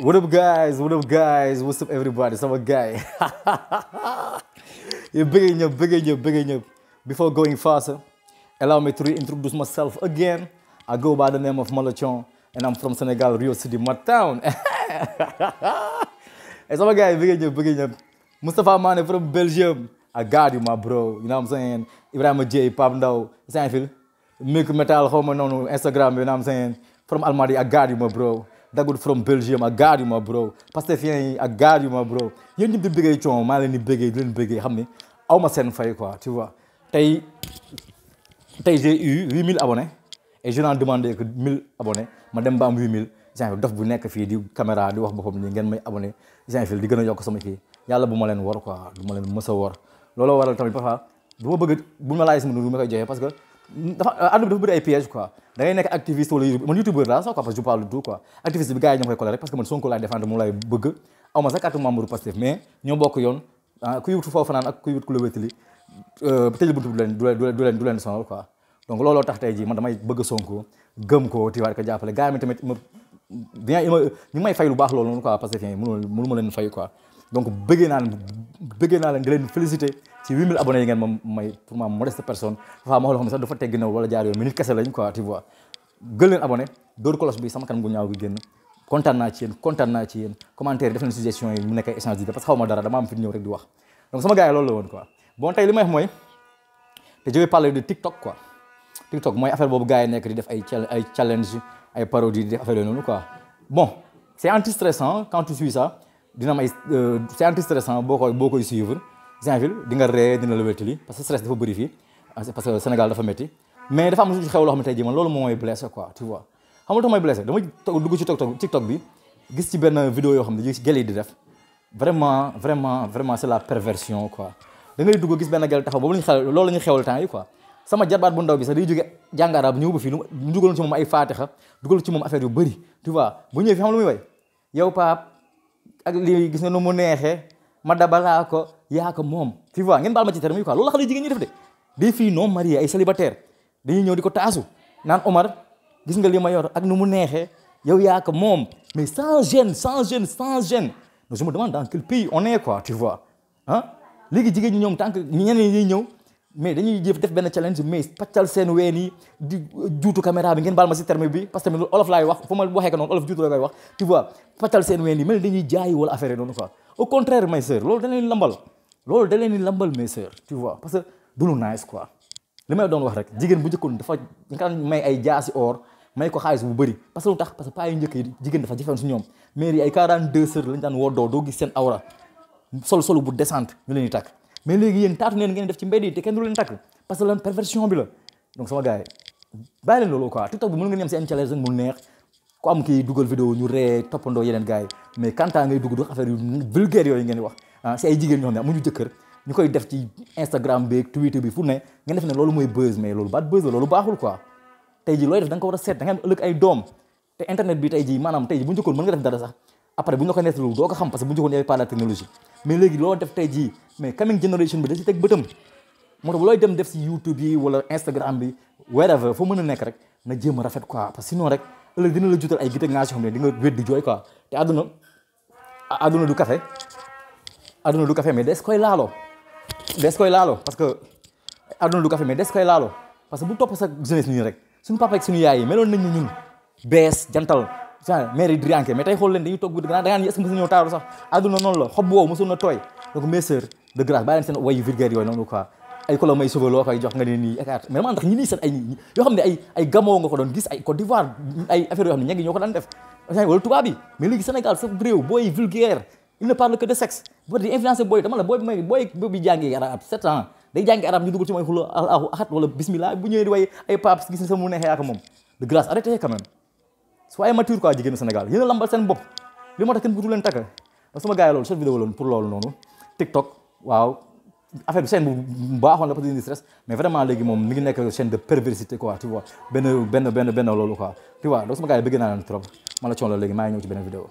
what up guys what up guys what's up everybody sama gars yi yow bëggee ñëpp bëggee ñëpp bëggee ñëpp before going faster allow me to reintroduce myself again I go by the name of Malachon and I'm from Senegal Rio City my town et sama gars yi bëggee ñëpp bëggee ñëpp Moustapha Mané from Belgium I got you my bro you know what I'm saying Ibrahima Dieye Pape Ndaw Saint-Fil Miku Metal xaw ma noonu Instagram bi you know what I'm saying from Almadi I got you my bro that good from Belgium ak gaar yu ma bro Pastefien yi ak gaar yu ma bro yéen ñëpp di bëggee coono maa leen di bëggee leen bëggee xam ne aw ma seen fay quoi tu vois tey tey j'ai huit mille abonnés et je n'en demandais mille abonnés ma dem ba am huit mille genre dof bu nekk fii di caméra di wax boppam nii ngeen may abonné genre di gën a yokk sama kii yàlla bu ma leen wor quoi du ma leen mës a wor looloo waral tamit parfois bu ma bëgg bu ma laaj sama dund ma koy joxe parce que dafa àdduna bi dafa bëri ay piège quoi da nekk activiste wala man youtubeur laa sax quoi parce que je parle de tout quoi activiste bi gars yi ñoom koy collé rek parce que man Sonko laay défendre moom laay bëgg aw ma sax carte membre Pastef mais ah, euh, tax tey jii man damay bëgg Sonko gëm ko tiwaat ko jàppale gars yi tamit ma bien may fay lu baax loolu noonu quoi parce que mënu ma leen fay quoi donc bëggee naa leen bëggee naa leen di leen félicité ci 8000 abonnés yi ngeen moom may pour ma modeste personne dafa ma xam ne sax dafa tegg na wala jaar yoon minute kese lañ quoi tu vois gën leen abonné dóor kolos bi sama kanam gu ñaaw gi génn commentaire yi leen suggestion yi mu nekk ay échange di wax donc sama gars yi loolu la woon mooy de TikTok quoi TikTok mooy affaire boobu gars yi nekk di def ay ay challenge ay parodie di def affaire yooyu noonu bon c'est anti stressant quand tu suis dina am ay euh, c'est antistressant boo koy boo koy suivre Saint-Ville di ree dina la wétali parce que stress dafa bëri fii parce que Sénégal dafa métti mais dafa am lu xam ne tey dugg ci TikTok TikTok bi gis ci benn vidéo yoo xam ne gel loolu la ñu temps yi quoi sama jarbaat bu ndaw bi sax day jóge jàng arab ñëw ba fii lu dugaloon ci moom ay faatixa dugal ci moom affaire yu bëri tu bu ñëwee fi xam lu muy way yow Pape ak lii gis nga nu mu neexee ma dabalaa ko yaa moom tu vois ngeen baal ma ci terme yi quoi loolu la xale jigéen ñi def de des filles non mariées ay célibataire dañuy ñëw di ko taasu naan Omar gis nga lii ma yor ak nu mu neexee yow yaa ko moom mais sans gêne sans gêne sans gêne je me demande dans quel pays on est quoi tu vois ah léegi jigéen ñi ñoom tant que ñeneen ñi ñëw mais dañuy jëf def benn challenge mais paccal seen ween yi di juutu caméra bi ngeen baal ma si terme bi parce que tamit olof laay wax fu ma waxee ko noonu olof juutu la koy wax tu vois lambal loolu da leen lambal mes sœurs tu vois que du lu nice quoi li may doon wax rek jigéen bu njëkkoon dafa nga may ay jaasi or may ko xaalis bu bëri parce que lu tax parce que paa yu njëkk yi jigéen dafa jafewoon si ñoom mère yi ay 42 sœurs lañ daan woddoo doo gis seen awra sol solu bu descente ñu leen di mais léegi yéen taatu neen ngeen def ci mbedd yi te kenn du leen takk parce que lan perversion bi la donc sama gars yi bàyyi leen loolu quoi TikTok bi mën ngeen yem si mu neex ah, def ci loolu mooy buzz mais loolu baat buzz la loolu baaxul quoi a seet da nga am ëllëg ay doom internet bi tey ji maanaam tey ji bu njëkkoon mën nga def dara sax après bu ñu la ko doo ko xam parce bu njëkkoon y avait pas la léegi loo def tey ji mais coming generation bi da teg bëtam moo tax bu looy dem def si YouTube yi wala Instagram bi wherever foo mën a nekk rek na jéem a rafet quoi parce que sinon rek dina la jutal ay gite ngaa si xam ne di nga du café àdduna du café mais des koy laaloo des koy laaloo parce que àdduna du café mais des koy parce que bu topp sa jeunesse nii rek suñu papa ak yi meloon na ñun bees jantal genre mère yi drianke mais tey xool leen dañuy toog guddi gannaaw ñëw taaru sax àdduna noonu la xob woowu mësul na tooy donc mes de grâce bàyyi leen seen wayu vulgaire yooyu noonu quoi ay ay yoo ay ay gamoo nga ko ay Côte d'Ivoire ay affaire yoo xam ne dama la booy may booy bi jàngi arab sept day jàngi arab ñu dugg ci may xulu alahu axat wala bismillah bu ñëwee di way ay paps gis ni sa mu neexee ak moom de grâce arrêtez quand même soyez mature quoi jigéenu Sénégal yéen a lambal seen bopp li moo tax kenn butu leen takk da sama gars yi loolu cette vidéo loolu noonu TikTok waaw affaire bi chaîne bu baaxoon la peut-être stress mais vraiment léegi moom mi ngi nekk chaîne de perversité quoi tu vois benn benn benn benn loolu quoi tu vois donc sama gars naa leen trop ma la coon la léegi maa ngi ñëw ci benn vidéo